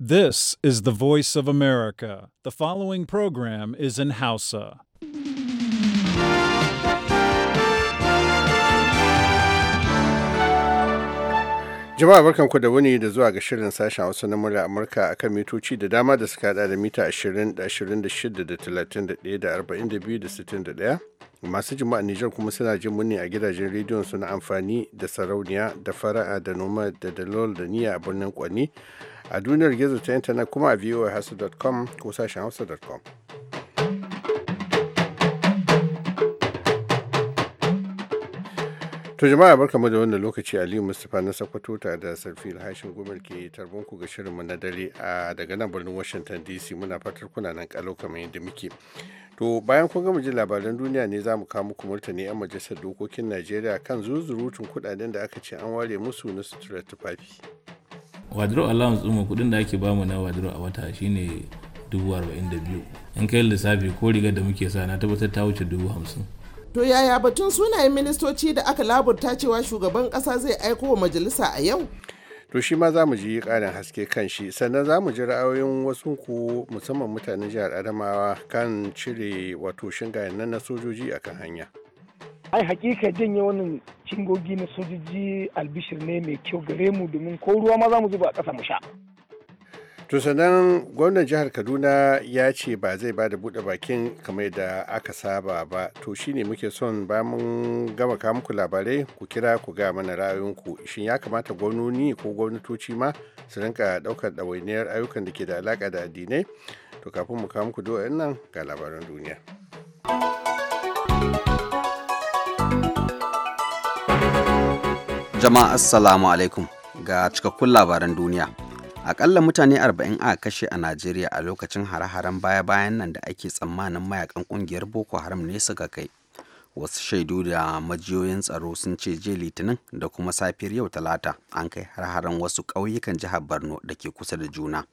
This is the voice of America. The following program is in Hausa. Jama'a barkanku da wuni da zuwa ga shirin sashen Hausa na murya Amurka kan mitoci da dama da suka hada da mita 20 da 26 da 31 da 42 da 61. Masu jima'a Nijar kuma suna jin muni a gidajen rediyon suna amfani da sarauniya da fara'a da noma da dalol da niyya a birnin Kwani. a duniyar gizo ta intanet kuma a voahausa.com ko sashen hausa.com To jama'a barkamu da wannan lokaci Aliyu Mustapha na sakwato ta da Sarfil Hashin Gumel ke tarbon ku ga shirinmu na dare a daga nan birnin Washington DC muna fatar kuna nan kalau kamar yadda muke. To bayan kun gama jin labaran duniya ne za mu kawo muku martani 'yan majalisar dokokin Najeriya kan zuzurutun kudaden da aka ce an ware musu na sutura tufafi. wadro allowance ɗin kuɗin da ake bamu na wardrobe a wata shine dubu arba'in da biyu in kai lissafi ko rigar da muke sa na tabbatar ta wuce dubu hamsin. to yaya batun sunayen ministoci da aka laburta cewa shugaban ƙasa zai aiko wa majalisa a yau. to shi ma za mu ji ƙarin haske kan shi sannan za mu ji ra'ayoyin wasu ku musamman mutanen jihar adamawa kan cire wato shingayen nan na sojoji akan hanya. ai hakika janye wannan cingogi na sojoji albishir ne mai kyau gare mu domin ko ruwa ma za mu zuba a ƙasa mu sha to sannan gwamnan jihar kaduna ya ce ba zai ba da buɗe bakin kamar da aka saba ba to shine muke son ba mun gama ka muku labarai ku kira ku ga mana ra'ayinku shin ya kamata gwamnoni ko gwamnatoci ma su rinka ɗaukar ɗawainiyar ayyukan da ke da alaƙa da addinai to kafin mu kawo muku do'a nan ga labaran duniya. Jama'a Assalamu alaikum ga cikakkun labaran duniya. Akalla mutane 40 a kashe a Najeriya a lokacin hare-haren baya-bayan nan da ake tsammanin mayakan kungiyar Boko Haram ne suka kai. Wasu shaidu da majiyoyin tsaro sun ce je Litinin da kuma safiyar yau Talata an kai har-haren wasu ƙauyukan jihar Borno da ke kusa da juna.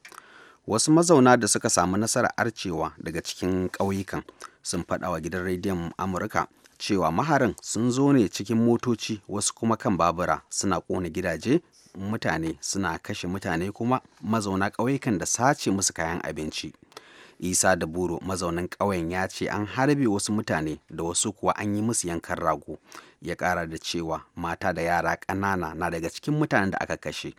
Wasu mazauna da suka samu nasarar arcewa daga cikin ƙauyukan sun faɗa wa gidan rediyon Amurka cewa maharin sun zo ne cikin motoci wasu kuma kan babura suna ƙone gidaje mutane suna kashe mutane kuma mazauna ƙauyukan da sace musu kayan abinci isa da buro mazaunin ƙauyen ya ce an harbe wasu mutane da wasu kuwa an yi musu yankan rago ya ƙara da cewa mata da yara ƙanana na daga cikin mutanen da aka kashe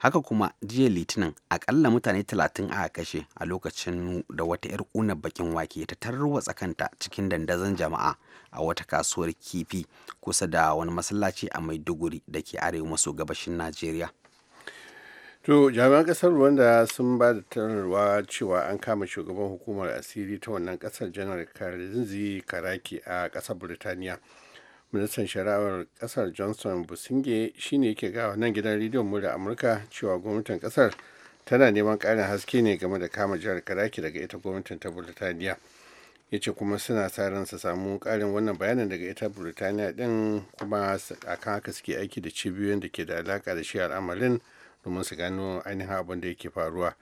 haka kuma jiya litinin akalla mutane 30 aka kashe a lokacin da wata 'yar ƙunar bakin wake ta tarruwa tsakanta cikin dandazon jama'a a wata kasuwar kifi kusa da wani masallaci a maiduguri da ke arewa maso gabashin najeriya to jami'an kasar rwanda sun ba da tararwa cewa an kama shugaban hukumar asiri ta wannan kasar janar karinzi karaki a kasar burtaniya ministan shari'ar kasar johnson businge shine yake gawa nan gidan rediyon mu da amurka cewa gwamnatin kasar tana neman ƙarin haske ne game da kama jihar karaki daga ita gwamnatin ta burtaniya ya ce kuma suna sa ran su samu karin wannan bayanin daga ita burtaniya din kuma a kan haka suke aiki da cibiyoyin da ke da alaka da shi al'amarin domin su gano ainihin abin da yake faruwa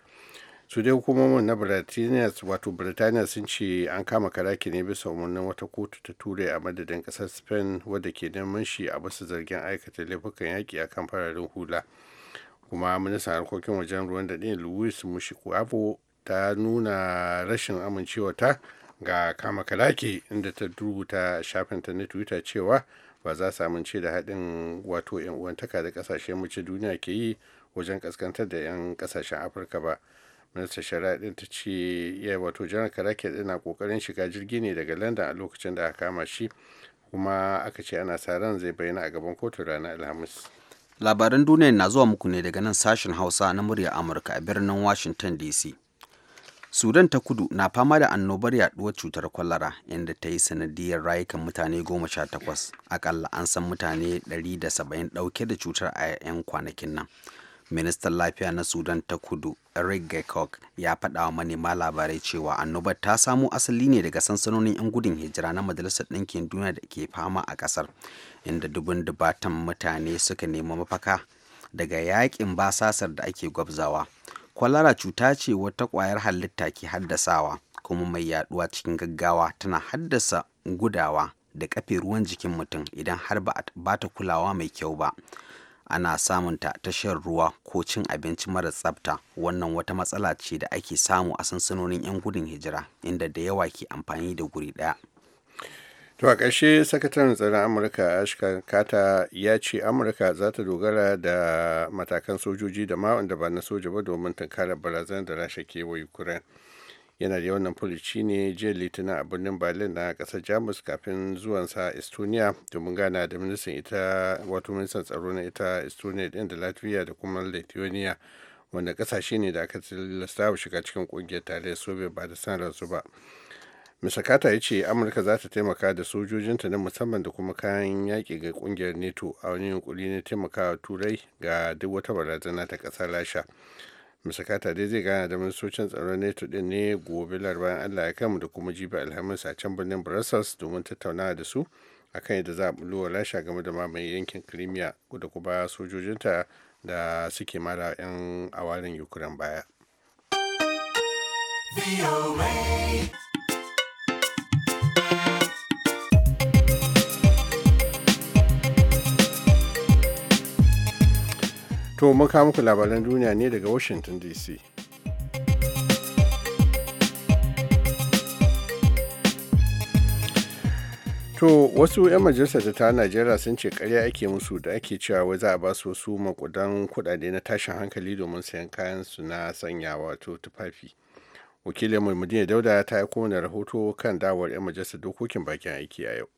su dai hukumomin na birtaniya wato birtaniya sun ce an kama karaki ne bisa umarnin wata kotu ta turai a madadin kasar spain wadda ke neman shi a basu zargin aikata laifukan yaƙi a kan fararen hula kuma ministan harkokin wajen ruwan da ɗin luis mushikwavo ta nuna rashin amincewarta ga kama karaki inda ta rubuta shafinta na twitter cewa ba za su amince da haɗin wato 'yan uwantaka da ƙasashen mace duniya ke yi wajen ƙaskantar da 'yan ƙasashen afirka ba minista shari'a din ta ce ya eh, wato janar karake yana kokarin shiga jirgi ne daga london a lokacin da aka kama shi kuma aka ce ana sa ran zai bayyana a gaban kotu ranar alhamis labaran duniya na zuwa muku ne daga nan sashen hausa na murya amurka a birnin washington dc sudan ta kudu na fama da annobar yaduwar cutar kwalara inda ta yi sanadiyar rayukan mutane goma sha takwas akalla an san mutane 170 dauke da cutar a 'yan kwanakin nan ministan lafiya na sudan ta kudu rick gaycock ya faɗa wa manema labarai cewa annobar ta samo asali ne daga sansanonin 'yan gudun hijira na majalisar ɗinkin duniya da ke fama a ƙasar inda dubin dubatan mutane suka nemi mafaka daga yaƙin basasar da ake gwabzawa kwalara cuta ce wata kwayar halitta ke haddasawa kuma mai yaɗuwa cikin gaggawa tana haddasa gudawa da kafe ruwan jikin mutum idan har ba ta kulawa mai kyau ba ana samunta ta shan ruwa ko cin abinci mara tsabta wannan wata matsala ce da ake samu a sansanonin 'yan gudun hijira inda da yawa ke amfani da guri daya. to a ƙarshe sakataren tsaron amurka ashkan kata ya ce amurka za ta dogara da matakan sojoji da ma da ba na soja ba domin tunkarar barazanar da rasha kewaye ukraine yana da wannan fulici ne jiya litinin a birnin berlin na kasar jamus kafin zuwansa estonia domin gana da ministan ita wato ministan tsaro na ita estonia din da latvia da kuma lithuania wanda kasashe ne da aka tilasta shiga cikin kungiyar tarayyar soviet ba da sanar su ba misakata ya ce amurka za ta taimaka da sojojinta na musamman da kuma kayan yaƙi ga ƙungiyar neto a wani yunkuri na taimakawa turai ga duk wata barazana ta ƙasar rasha musakata dai zai gana da ministocin tsaron neto din ne gobe larabayan allah ya mu da kuma jibi alhamis a can birnin brussels domin tattaunawa da su akan yadda za a bulowa lasha game da mamaye yankin crimea da kuma sojojinta da suke mara 'yan awarin ukraine baya. to muka maku muku labaran duniya ne daga washington dc To wasu 'yan majalisar da ta Najeriya sun ce karya ake musu da ake cewa wai za a ba su wasu makudan kudade na tashin hankali domin sayan kayan su na sanya wato tufafi. wakilin madina dauda ta yi kowane rahoto kan dawar 'yan majalisar dokokin bakin aiki a yau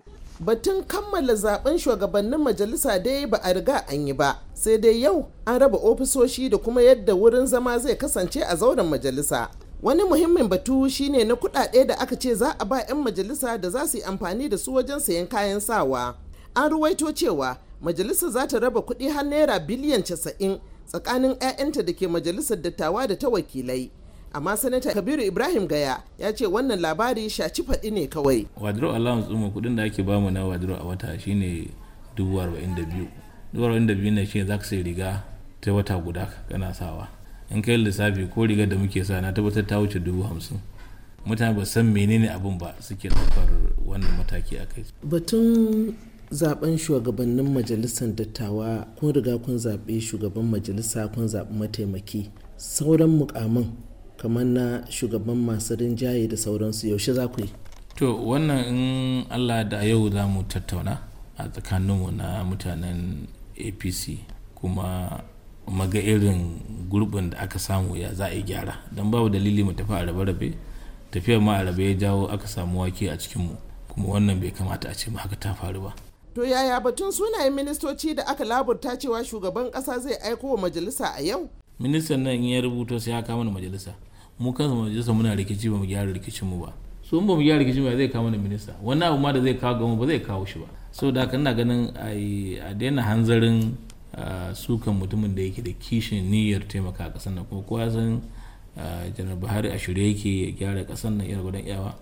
batun kammala zaben shugabannin majalisa dai ba a riga an yi ba sai dai yau an raba ofisoshi da kuma yadda wurin zama zai kasance a zauren majalisa wani muhimmin batu shine na kudade da aka ce za a ba 'yan majalisa da za su yi amfani da su wajen sayan kayan sawa an ruwaito cewa majalisa za ta raba kudi har naira biliyan 90 tsakanin 'ya'yanta da ke majalisar dattawa da ta wakilai amma sanata kabiru ibrahim gaya ya ce wannan labari shaci faɗi ne kawai wadro allowance ɗin kuɗin da ake bamu na wadro a wata shine dubu arba'in da biyu dubu arba'in da biyu ne za ka sai riga ta wata guda kana sawa in kai lissafi ko riga da muke sa na tabbatar ta wuce dubu hamsin mutane ba san menene abin ba suke ɗaukar wannan mataki a kai batun zaben shugabannin majalisar dattawa kun riga kun zaɓe shugaban majalisa kun zaɓi mataimaki sauran mukamin kamar na shugaban masu rinjaye da sauransu yaushe za ku yi to wannan in allah da yau za mu tattauna a tsakaninmu na mutanen apc kuma maga irin gurbin da aka samu ya za a yi gyara don babu dalili mu tafi a rabe-rabe tafiyar ma a rabe ya jawo aka samu wake a cikinmu kuma wannan bai kamata a ce ma haka ta faru ba To yaya batun sunayen ministoci da aka laburta cewa shugaban kasa zai aiko wa majalisa a yau? Ministan nan ya rubuto sai ya kama majalisa. mu kansa mu jisa muna rikici ba mu gyara rikicin mu ba su in ba mu gyara rikicin ba zai kawo mana minista wani abu ma da zai kawo gamu ba zai kawo shi ba so da haka ina ganin a daina hanzarin sukan mutumin da yake da kishin niyyar taimaka a ƙasar nan kuma kowa san janar buhari a shirye yake ya gyara kasar nan yar gudan yawa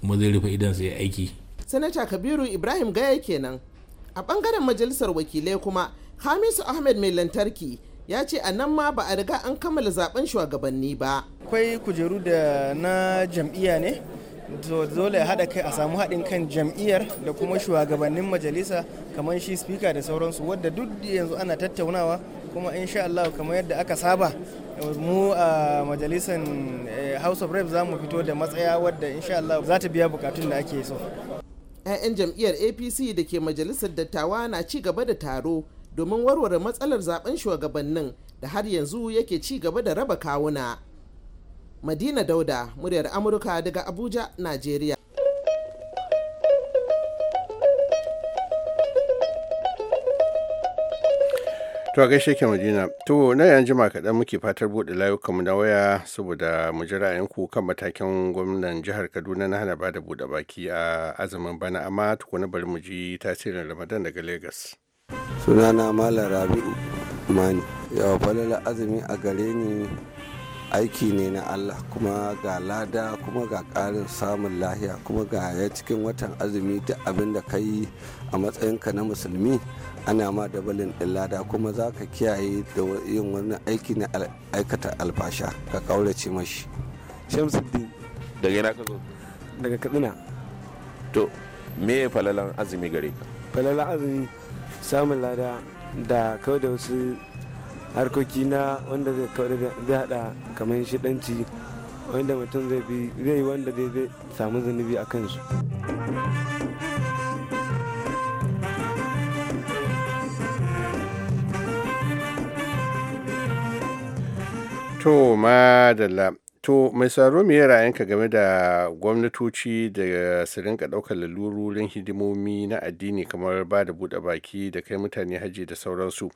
kuma zai rufe idan sai aiki sanata kabiru ibrahim gaya kenan a bangaren majalisar wakilai kuma hamisu ahmed mai lantarki ya ce a nan ma ba a riga an kammala zaben shugabanni ba akwai kujeru da na jam'iyya ne dole a haɗa kai a samu haɗin kan jam'iyyar da kuma shugabannin majalisa kamar shi spika da sauransu wadda duk yanzu ana tattaunawa kuma insha Allah kamar yadda aka saba mu a majalisan eh, house of reps za mu fito da matsaya wadda insha Allah za ta biya bukatun da ake so 'ya'yan jam'iyyar apc da ke majalisar dattawa na ci gaba da taro domin warware matsalar zaben shugabannin da har yanzu yake ci gaba da raba kawuna madina dauda muryar amurka daga abuja najeriya to gaishe ke madina to na yan jima kaɗan muke fatar buɗe mu na waya saboda mu ji ra'ayinku kan matakin gwamnan jihar kaduna na hana bada buɗe baki a azumin bana amma tukuna bari mu ji tasirin ramadan daga lagos sunana malam rabi'u mani yawa falala azumi a gare ni aiki ne na allah kuma ga lada kuma ga ƙarin samun lahiya kuma ga ya cikin watan azumi duk abin da ka yi a matsayinka na musulmi ana ma dabalin din lada kuma za ka kiyaye da yin wani aiki na aikata alfasha ka kaurace mashi shamsuddin daga yana ka zo daga kaduna to me falalan azumi gare ka falalan azumi samun lada da kawai da wasu harkoki na wanda zai kawai zai hada kamar shidanci wanda mutum zai bi zai wanda zai samu zunubi a kansu To madalla To, mai saro me ra'ayinka game da gwamnatoci da su rinka ɗaukar lalurorin hidimomi na addini kamar ba da buɗe baki da kai mutane hajji da sauransu.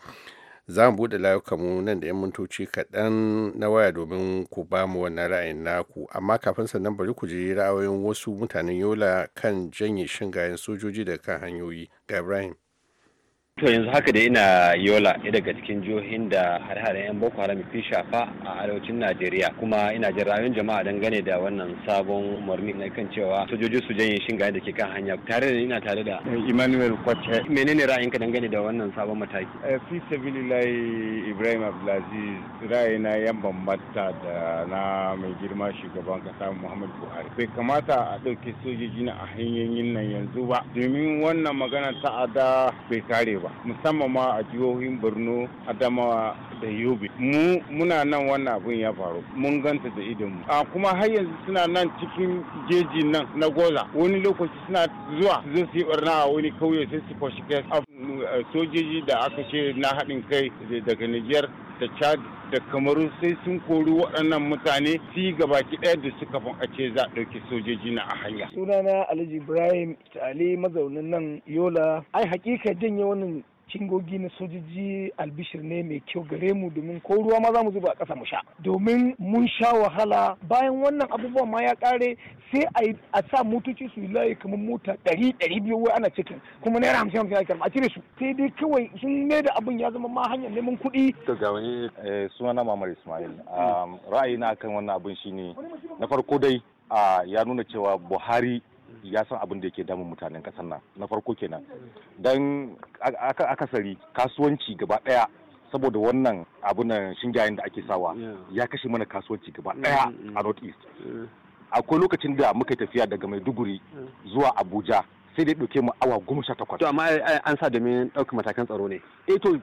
Za mu buɗe mu nan da 'yan mintoci kaɗan na waya domin ku ba mu wannan ra'ayin naku. Amma kafin sannan bari ku je ra'ayoyin wasu mutanen Yola kan janye shingayen sojoji da kan hanyoyi. Ga Ibrahim. To yanzu haka da ina Yola ɗaya daga cikin jihohin da har haren 'yan Boko Haram fi shafa a arewacin Najeriya kuma ina jin rayuwar jama'a dangane da wannan sabon umarni na kan cewa sojoji su janye shingaye da ke kan hanya tare da ina tare da eh, Emmanuel Kwace. Eh, menene ra'ayinka dangane da wannan sabon mataki? Eh, fi sabilillahi Ibrahim Abdulaziz ra'ayina yan bambanta da na mai girma shugaban kasa Muhammad Buhari. Bai kamata a ɗauke sojoji na a hanyoyin nan yanzu ba domin wannan magana ta'ada bai kare ba. ba musamman ma a jihohin borno adamawa da yobe mu muna nan wannan abin ya faru mun ganta da idonmu a kuma har yanzu suna nan cikin jeji nan na goza wani lokaci suna zuwa zo su yi barna a wani kauye sai su fashi sojoji da aka ce na haɗin kai daga nijar da chad da kamaru sai sun kori waɗannan mutane su gaba ɗaya da suka fin a ce za a ɗauki sojoji na a hanya sunana alhaji ibrahim ali mazaunin nan yola ai hakika janye wannan cingogi na sojoji albishir ne mai kyau gare mu domin ko ruwa ma za mu zuba a ƙasa mu sha domin mun sha wahala bayan wannan abubuwan ma ya ƙare sai a sa motoci su layi kamar mota ɗari ɗari biyu wai ana cikin kuma naira hamsin hamsin ake a cire su sai dai kawai sun mai da abin ya zama ma hanyar neman kuɗi. to ga wani eh, sunana mamar ismail mm. ra'ayina akan wannan abin shine na farko dai ah, ya nuna cewa buhari ya san abin da yake damun mutanen kasar nan na farko kenan don akasari kasuwanci gaba daya saboda wannan abunan shingayen da ake sawa ya kashe mana kasuwanci gaba daya mm, mm, mm. a north east akwai lokacin da muka tafiya daga maiduguri zuwa abuja sai dai ɗauke mu awa goma sha takwas. To amma an sa domin ɗaukar matakan tsaro ne. Eh to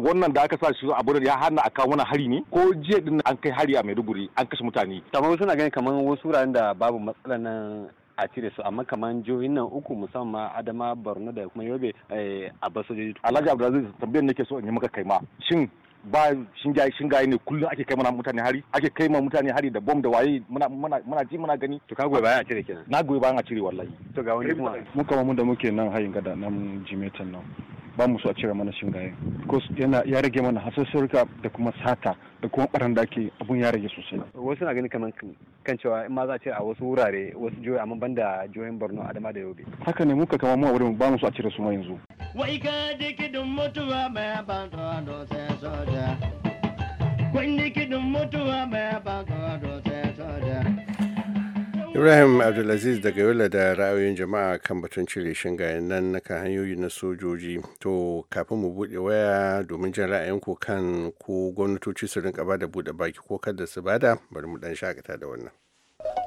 wannan da aka sa shi abu ya hana a kawo wani hari ne ko jiya din an kai hari a Maiduguri an kashe mutane. Amma suna ganin kamar wasu wuraren da babu matsalar nan a cire su amma kamar jihohin nan uku musamman adama borno da kuma yobe eh, a basojoji alhaji abdulaziz tambayar nake so in yi maka kaima shin ba shingaye shingaye ne kullum ake kai mana mutane hari ake kai mana mutane hari da bom da waye muna muna muna ji muna gani to ka goyi bayan a cire kenan na goyi bayan a cire wallahi to ga wani mu kama mun da muke nan hayin gada nan jimetan nan ba mu so a cire mana shingaye because yana ya rage mana hasassurka da kuma sata da kuma barin da ake abun ya rage sosai wasu na ganin kaman kan cewa in ma za a ce a wasu wurare wasu jihohi amma banda jihohin Borno Adama da Yobe haka ne muka kama mu a wurin ba mu so a cire su ma yanzu wai ka mutuwa ibrahim abdulaziz daga yola da ra'ayoyin jama'a kan batun cire shingayen nan na kan hanyoyi na sojoji to kafin mu buɗe waya domin jin ra'ayinku kan ko gwamnatoci su rinka bada buɗe baki ko kada su bada bari mu dan shakata da wannan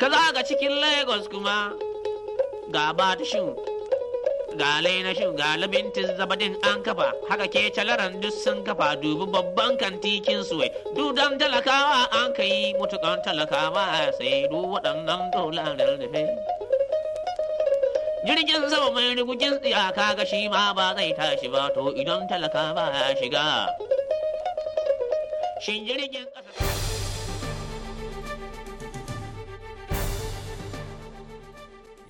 ka ga cikin lagos kuma ga batishin ga shu ga labintin zabadin an kafa haka ke calaran duk sun kafa dubi babban kantikin suwai dudan talakawa an ka yi mutukan talakawa sai du waɗannan dolarar da jirgin sama mai rigugin tsiyaka ga shi ma ba zai tashi ba to idan talaka ba ya shiga shin jirgin ƙasa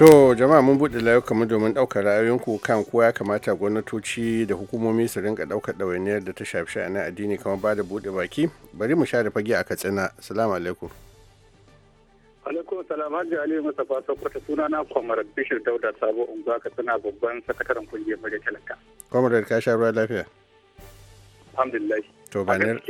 To jama'a mun buɗe layukanmu domin ɗaukar ra'ayoyinku kan ko ya kamata gwamnatoci da hukumomi su rinka ɗaukar ɗawainiyar da ta shafi sha'ani addini kamar ba da buɗe baki bari mu share fage a katsina salamu alaikum. alaikum salam hajji ali mustapha sokoto suna na kwamarar bishir dauda sabo unguwa katsina babban sakataren kungiyar murya talaka. kwamarar ka sha ruwa lafiya. alhamdulillah. to ba ne.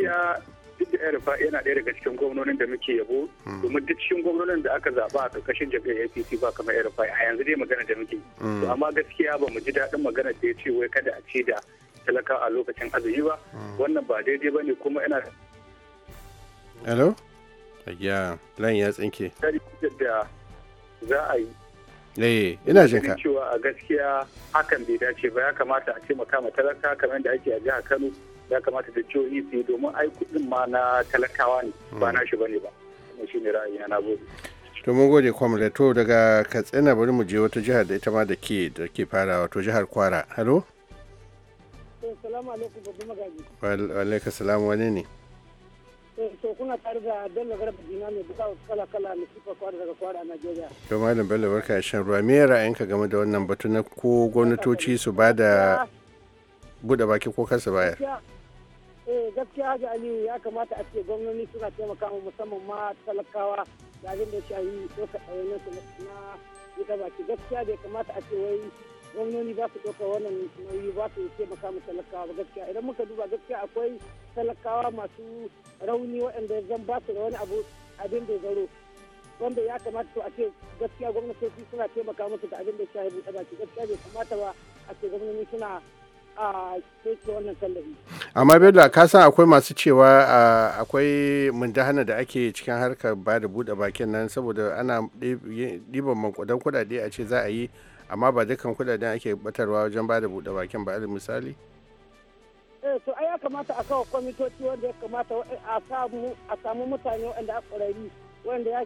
yana ɗaya daga cikin gwamnonin da muke yabo hmm. domin duk cikin gwamnonin da aka zaɓa a ƙarƙashin jam'iyyar APC ba kamar Erfa a yanzu dai magana da muke hmm. to amma gaskiya ba mu ji daɗin magana da ya ce wai kada a ce da talaka a lokacin azumi ba hmm. wannan ba daidai ba ne kuma yana Hello? Ya, lan ya tsinke. Da za a yi Ne eh, ina jin ka. Cewa a gaskiya hakan bai dace ba ya kamata a ce makama talaka kamar da ake a jihar Kano ya kamata da jihohi su yi domin ai kuɗin ma na talakawa ne ba hmm. na shi bane ba kuma shi ne na gode. to mun gode kwamrato daga katsina bari mu je wata jihar da ita ma da ke da ke fara wato jihar kwara halo. salamu alaikum babu magaji. alaika salamu wani ne. Eh, to kuna tare da bello garba jina ne buka kala kala na sifar kwara daga kwara a najeriya. to malam bello barka shan ruwa me ra'ayinka game da wannan batu na ko gwamnatoci su ba da buɗe baki ko kasa bayar. eh gaskiya haji aliyu ya kamata a ce gwamnati suna taimaka mu musamman ma talakawa da abin da shahi ɗauka ɗaunin su na ita baki gaskiya da ya kamata a ce wai gwamnati ba su ɗauka wannan nauyi ba su taimaka mu talakawa ba gaskiya idan muka duba gaskiya akwai talakawa masu rauni waɗanda zan ba su da wani abu abin da zaro wanda ya kamata to a ce gaskiya gwamnati suna taimaka musu da abin da shahi buɗe baki gaskiya bai kamata ba a ce gwamnati suna amma bello ka san akwai masu cewa akwai mundahana da ake cikin harkar ba da buɗe bakin nan saboda ana ɗiban mankudan kudade a ce za a yi amma ba dukkan kudaden ake batarwa wajen ba da buɗe bakin ba alal misali. eh to ai ya kamata a kawo kwamitoci wanda ya kamata a samu a samu mutane wanda aka ƙwararri wanda ya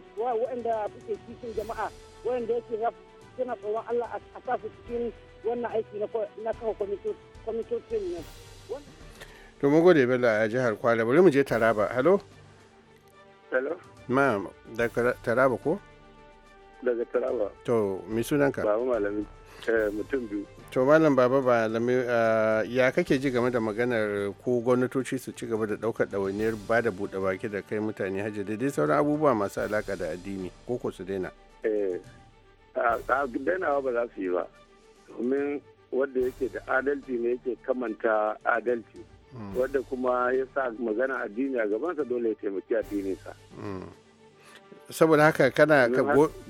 wanda suke cikin jama'a wanda yake suna tsoron Allah a sa cikin wannan aiki na kawo kwamitoci. kwamitocin nan to mu gode bala a jihar kwale bari mu je taraba halo halo ma daga taraba ko daga taraba to mi sunanka baba malami eh, mutum biyu to malam baba malami eh, ya kake ji game da maganar ko gwamnatoci su ci gaba da daukar ɗawainiyar ba da buɗe baki da kai mutane hajji da dai sauran abubuwa masu alaƙa da addini ko ko su daina eh a ba za su yi ba domin wanda yake da adalci ne yake kamanta adalci hmm. wanda kuma ya sa magana addini a gabansa dole ya taimaki addininsa hmm. saboda haka kana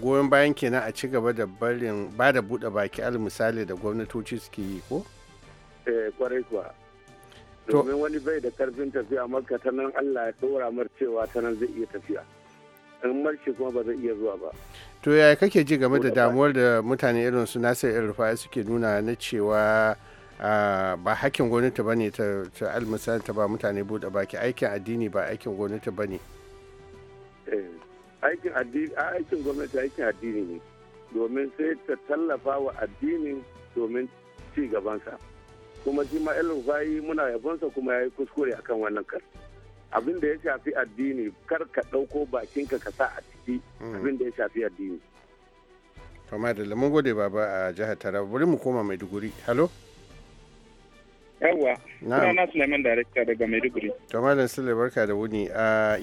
goyon bayan kenan a ci gaba da barin ba da buɗe baki al misali da gwamnatoci suke yi ko? eh kwarai kuwa domin wani bai da karfin tafiya maka ta nan allah ya ɗora mar cewa ta nan zai iya tafiya in marshi kuma ba zai iya zuwa ba to yaya kake ji game da damuwar da mutane irin su nasir el suke nuna na cewa ba hakkin gwamnati ba ne ta almisali ta ba mutane buɗe baki aikin addini ba aikin gwamnati ba ne eh, aikin gwamnati aikin addini ne domin sai ta tallafa wa addini domin ci gabansa kuma shi ma el muna yabonsa kuma ya yi kuskure akan wannan kar abin da ya shafi addini kar ka ɗauko bakinka ka sa a ciki hmm. abin da ya shafi addini to da mun gode baba a jihar taraba bari mu koma maiduguri halo yawwa na suleiman darekta daga maiduguri to madalla sule barka da wuni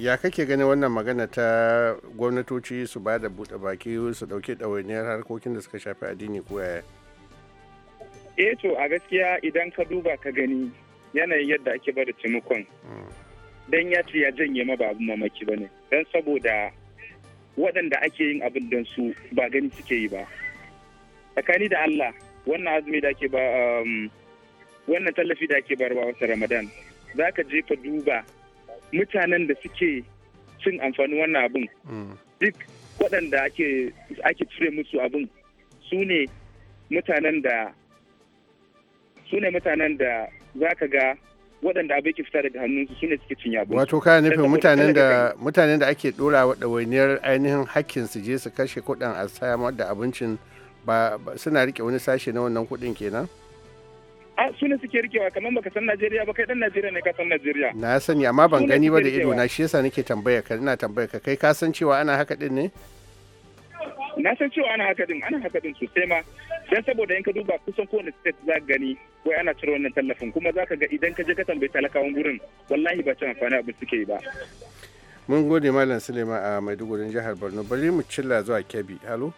ya kake ganin wannan magana ta gwamnatoci su ba da buɗe baki su ɗauki ɗawainiyar harkokin da suka shafi addini ko yaya eh to a gaskiya idan ka duba ka gani yanayin yadda ake bada cimakon hmm. dan ya ce ya janye ma ba abin mamaki ba ne dan saboda waɗanda ake yin abin don su ba gani suke yi ba tsakani da Allah wannan azumi da ake ba um, wannan tallafi da ake barwa wata ramadan za ka je ka duba mutanen da suke cin amfanin wannan abin mm. duk waɗanda ake cire musu abin su su ne mutanen da za ka ga waɗanda abin ke fita daga hannunsu sune suke cin abin. wato kana nufin mutanen da mutanen da ake dora wa ɗawainiyar ainihin hakkin su je su kashe kuɗin a samar da abincin ba suna rike wani sashe na wannan kuɗin kenan a sune suke rikewa kamar baka san Najeriya ba kai dan Najeriya ne ka san Najeriya na sani amma ban gani ba da ido na shi yasa nake tambaya ka ina tambaya ka kai ka san cewa ana haka din ne na san cewa ana haka din ana haka din sosai ma dan saboda in ka duba kusan kowane state za ka gani wai ana cire wannan tallafin kuma za ka ga idan ka je ka tambayi talakawan gurin wallahi ba cin amfani abin suke yi ba mun gode malam suleiman a maiduguri jihar borno bari mu cilla zuwa kebbi halo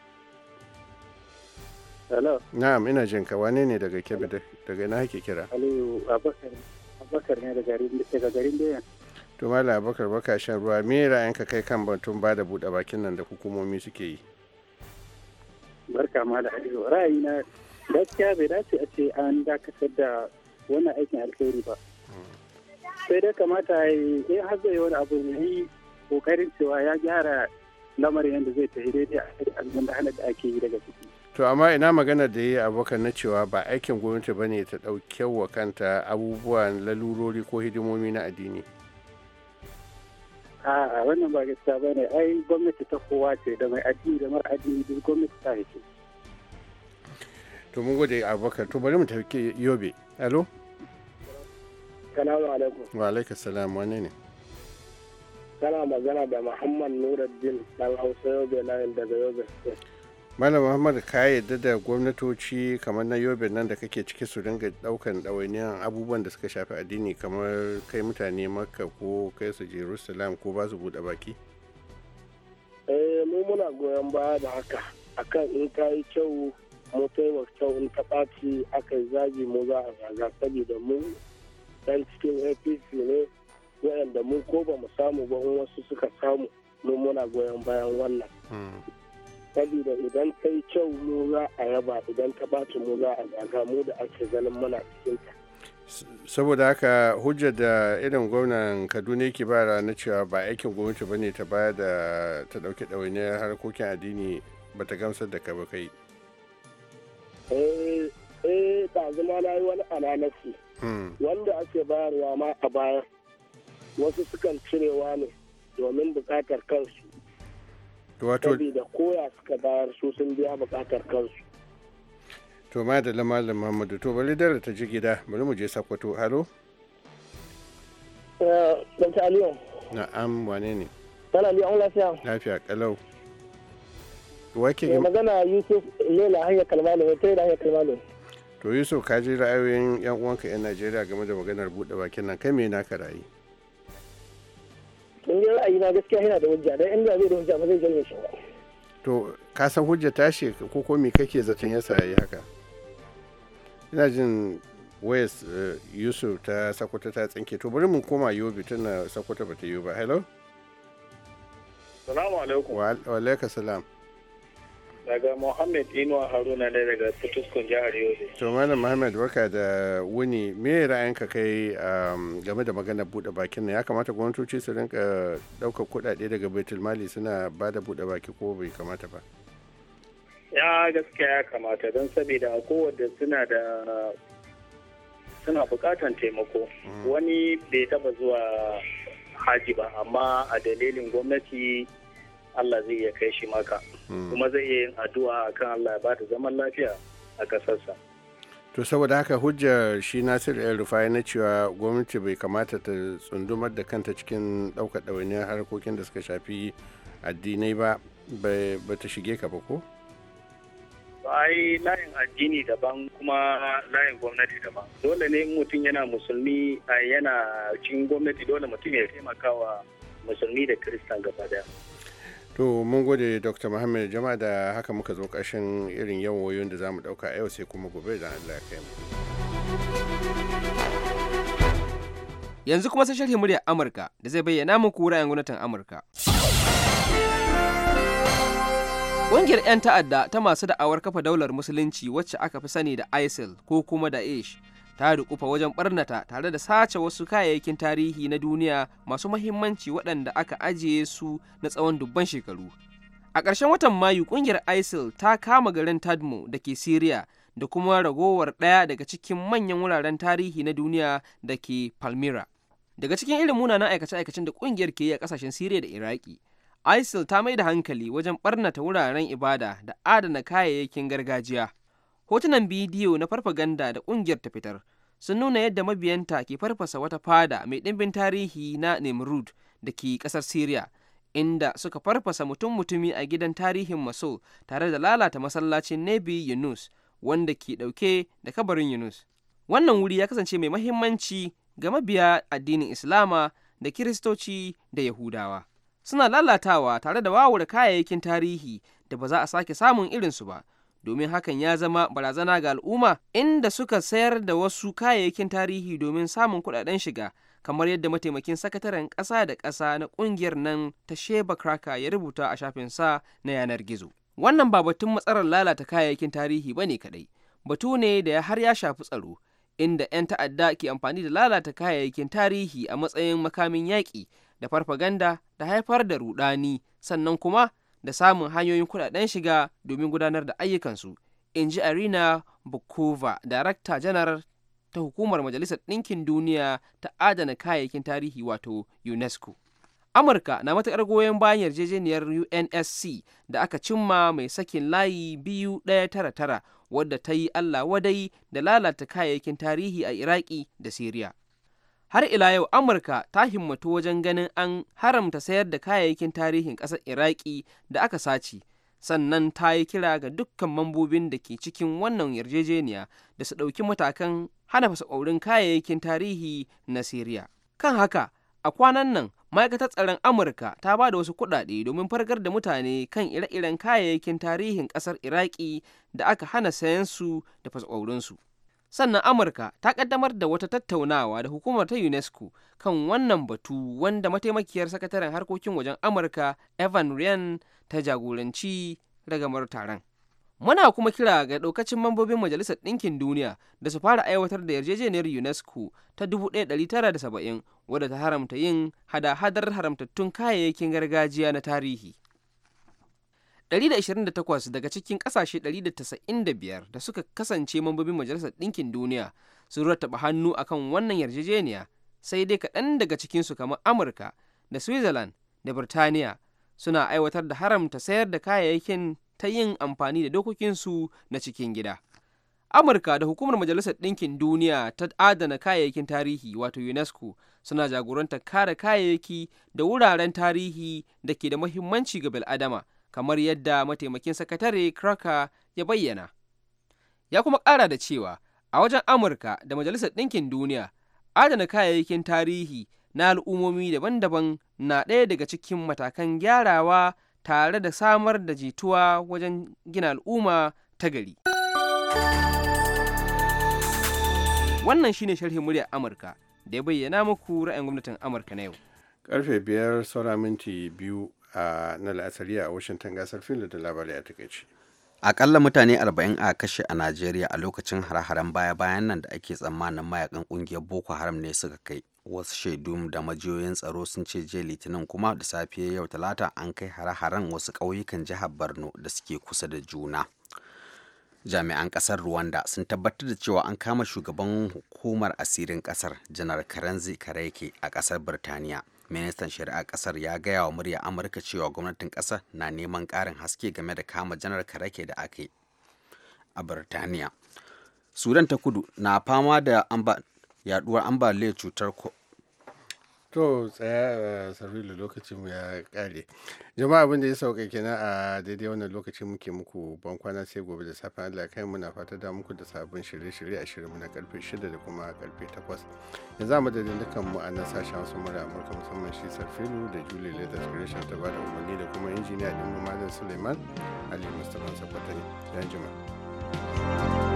halo Na'am ina jin ka wane ne daga Kebbi daga ina kake kira? Aliyu Abubakar ne daga garin bayan To Malam Abubakar baka shan ruwa me ra'ayinka kai kan batun ba da buɗe bakin nan da hukumomi suke yi? barka ma da hadisu ra'ayina gaskiya bai dace a ce an dakatar da wannan aikin alkhairi ba sai dai kamata ya yi har zai wani abu ya yi kokarin cewa ya gyara lamarin yadda zai tafi daidai a cikin hana da ake yi daga ciki to amma ina magana da yi abokan na cewa ba aikin gwamnati ba ne ta ɗauke wa kanta abubuwan lalurori ko hidimomi na addini A'a wannan ba gaskiya ba ne ai gwamnati ta kowa ce da mai addini da mara addini duk gwamnati ta ce. To mun gode Abubakar to bari mu tafi Yobe. Hello. Salamu alaikum. Wa alaika salam wane ne? Salama magana da Muhammad Nuruddin dan Hausa Yobe layin daga Yobe. malam muhammad ka yadda da gwamnatoci kamar na yobe nan da kake ciki su dinga daukan ɗawainiyar abubuwan da suka shafi addini kamar kai mutane makka ko kai su jerusalem ko ba su buɗe baki eh mu muna goyon baya da haka akan in ka yi kyau mu taimaka kyau in ta ɓaci aka zagi mu za a zaga saboda mu dan cikin apc ne wayanda mu ko ba mu samu ba wasu suka samu mu muna goyon bayan wannan hmm. saboda idan ta yi kyau mu za a yaba idan ta bata mu za a zaga mu da ake ganin muna cikin ta. saboda haka hujjar da irin gwamnan kaduna yake ba na cewa ba aikin gwamnati ba ne ta baya da ta ɗauki ɗawainiyar harkokin addini ba ta gamsar da ka ba kai. eh eh ba zama na yi wani ananasi hmm. wanda ake bayarwa ma a baya wasu sukan cirewa ne domin bukatar kansu saboda koya suka bayar su sun biya bukatar kansu to ma da da muhammadu to bari dara ta ji gida bari mu je sakwato halo eh, dan ta aliyu na'am wane ne tana aliyu an lafiya lafiya kalau wake ne eh, magana yusuf lela hanyar kalmalo hotel da hanyar kalmalo to yusuf ka ji ra'ayoyin yan uwanka yan najeriya game da maganar buɗe bakin nan kai me na ka rayu don yi ra'ayi na gaskiya yana da hujja dan inda zai da hujja ba zai janye shi ba to ka san hujja ta ce ko ko me kake zaton yasa yayi haka ina jin wayas eh, yusuf ta sakwata ta tsinke to bari mu koma yobe tana sakwata ba ta yi ba hello salamu alaikum wa alaikum salam daga mohammed Inuwa Haruna ne daga Fituskun jihar Yobe. To Malam mohammed baka da wuni me ra'ayinka kai um, game da maganar bude bakin nan ya kamata gwamnatoci su rinka dauka kuɗaɗe daga Baitul Mali suna ba da bude baki ko bai kamata ba? Ya gaskiya ya kamata don saboda a kowanne suna da suna bukatan taimako mm. wani bai taba zuwa haji ba amma a dalilin gwamnati Allah zai iya kai shi maka hmm. kuma zai iya yin addu'a akan Allah ya bata zaman lafiya a kasarsa to saboda haka hujjar shi Nasir El Rufai na cewa gwamnati bai kamata ta tsundumar da kanta cikin ɗaukar ɗawainiyar harkokin da suka shafi addinai ba ba ta shige ka ba ko? ai layin addini daban kuma layin gwamnati daban dole ne mutum yana musulmi yana cikin gwamnati dole mutum ya taimakawa musulmi da kiristan gaba daya to mun gode dr muhammad jama'a da haka muka zo ƙarshen irin yawan wayoyin da za mu ɗauka yau sai kuma gobe da allah ya mu yanzu kuma sai sharhi muryar amurka da zai bayyana muku wuraren gwamnatin amurka Ƙungiyar 'yan ta'adda ta masu da'awar kafa daular musulunci wacce aka fi sani da ISIL ko kuma daish ta rikufa wajen barnata tare da sace wasu kayayyakin tarihi na duniya masu mahimmanci waɗanda aka ajiye su na tsawon dubban shekaru a ƙarshen watan mayu ƙungiyar isil ta kama garin tadmo da ke syria da kuma ragowar ɗaya daga cikin manyan wuraren tarihi na duniya da ke palmyra daga cikin irin na aikace-aikacen da ƙungiyar ke yi a ƙasashen syria da iraki isil ta mai da hankali wajen ɓarnata wuraren ibada da adana kayayyakin gargajiya hotunan bidiyo na farfaganda da ƙungiyar ta fitar sun nuna yadda mabiyanta ke farfasa wata fada mai ɗimbin tarihi na nemrud da ke ƙasar syria inda suka farfasa mutum-mutumi a gidan tarihin masul tare da lalata masallacin nebi yunus wanda ke ɗauke da kabarin yunus wannan wuri ya kasance mai mahimmanci ga mabiya addinin islama da kiristoci da yahudawa suna lalatawa tare da wawura kayayyakin tarihi da ba za a sake samun irinsu ba domin hakan ya zama barazana ga al'umma inda suka sayar da wasu kayayyakin tarihi domin samun kuɗaɗen shiga kamar yadda mataimakin sakataren ƙasa da ƙasa na ƙungiyar nan ta sheba kraka ya rubuta a shafin sa na yanar gizo wannan ba batun matsalar lalata kayayyakin tarihi ba ne kaɗai batu ne da ya har ya shafi tsaro inda 'yan ta'adda ke amfani da lalata kayayyakin tarihi a matsayin makamin yaƙi da farfaganda da haifar da rudani sannan kuma da samun hanyoyin kudaden shiga domin gudanar da ayyukansu in ji arina bukova darakta janar ta hukumar majalisar ɗinkin duniya ta adana kayayyakin tarihi wato unesco amurka na matuƙar goyon bayan yarjejeniyar unsc da aka cimma mai sakin layi biyu ɗaya tara tara wadda ta yi allah wadai da lalata kayayyakin tarihi a iraki da siriya har ila yau amurka ta himmatu wajen ganin an haramta sayar da kayayyakin tarihin ƙasar iraki da aka sace sannan ta yi kira ga dukkan mambobin da ke cikin wannan yarjejeniya da su ɗauki matakan hana fasakwaurin kayayyakin tarihi na siriya kan haka a kwanan nan ma'aikatar tsaron amurka ta ba da wasu kuɗaɗe domin fargar da mutane kan ire-iren kayayyakin tarihin ƙasar iraki da aka hana sayan su da fasakwaurinsu sannan amurka ta kaddamar da wata tattaunawa da hukumar ta unesco kan wannan batu wanda mataimakiyar sakataren harkokin wajen amurka evan ryan ta jagoranci ragamar taron muna kuma kira ga daukacin mambobin majalisar ɗinkin duniya da su fara aiwatar da yarjejeniyar unesco ta 1970 wadda ta haramta yin hada-hadar haramtattun kayayyakin gargajiya na tarihi 128 daga cikin kasashe 195 da suka kasance mambobin majalisar ɗinkin duniya sun rattaba hannu akan wannan yarjejeniya sai dai kaɗan daga cikinsu kamar amurka da switzerland da birtaniya suna aiwatar da haramta sayar da kayayyakin ta yin amfani da dokokinsu na cikin gida amurka da hukumar majalisar ɗinkin duniya ta adana kayayyakin tarihi wato unesco suna jagorantar kare kayayyaki da wuraren tarihi da ke da muhimmanci ga bil'adama kamar yadda mataimakin sakatare Kraka ya bayyana. Ya kuma ƙara da cewa a wajen Amurka da Majalisar Ɗinkin Duniya adana kayayyakin tarihi na al'ummomi daban-daban na ɗaya daga cikin matakan gyarawa tare da samar da jituwa wajen gina al'umma ta gari. Wannan shine sharhin muryar Amurka da ya bayyana muku ra'ayin gwamnatin Amurka na yau. Karfe biyar saura minti biyu na la'asari a washington gasar da labarai a takaici akalla mutane 40 a kashe a najeriya a lokacin hare-haren baya-bayan nan da ake tsammanin mayakan kungiyar boko haram ne suka kai wasu shaidu da majiyoyin tsaro sun ce jiya litinin kuma da safe yau talata an kai hare-haren wasu ƙauyukan jihar borno da suke kusa da juna jami'an kasar rwanda sun tabbatar da cewa an kama shugaban hukumar asirin kasar janar karenzi kareke a kasar birtaniya ministan shari'a kasar ya gaya wa murya amurka cewa gwamnatin kasar na neman karin haske game da kama janar karake da aka yi a birtaniya sudan ta kudu na fama da yaduwar ambaliyar cutar To tsaya eh, a da lokacin ya kare. Jama'a abin da ya sauka kenan a daidai wannan lokacin muke muku ban kwana sai gobe da safen Allah kai muna fata da muku da sabon shirye-shirye a shirin mu na karfe 6 da kuma karfe 8. Yanzu a madadin dukkan mu a nan sashen su mura Amurka musamman shi sarfilo da Julie Leather Creation ta bada umarni da kuma injiniya din mu Malam Suleiman Ali Mustapha sabbatani Yan jama'a.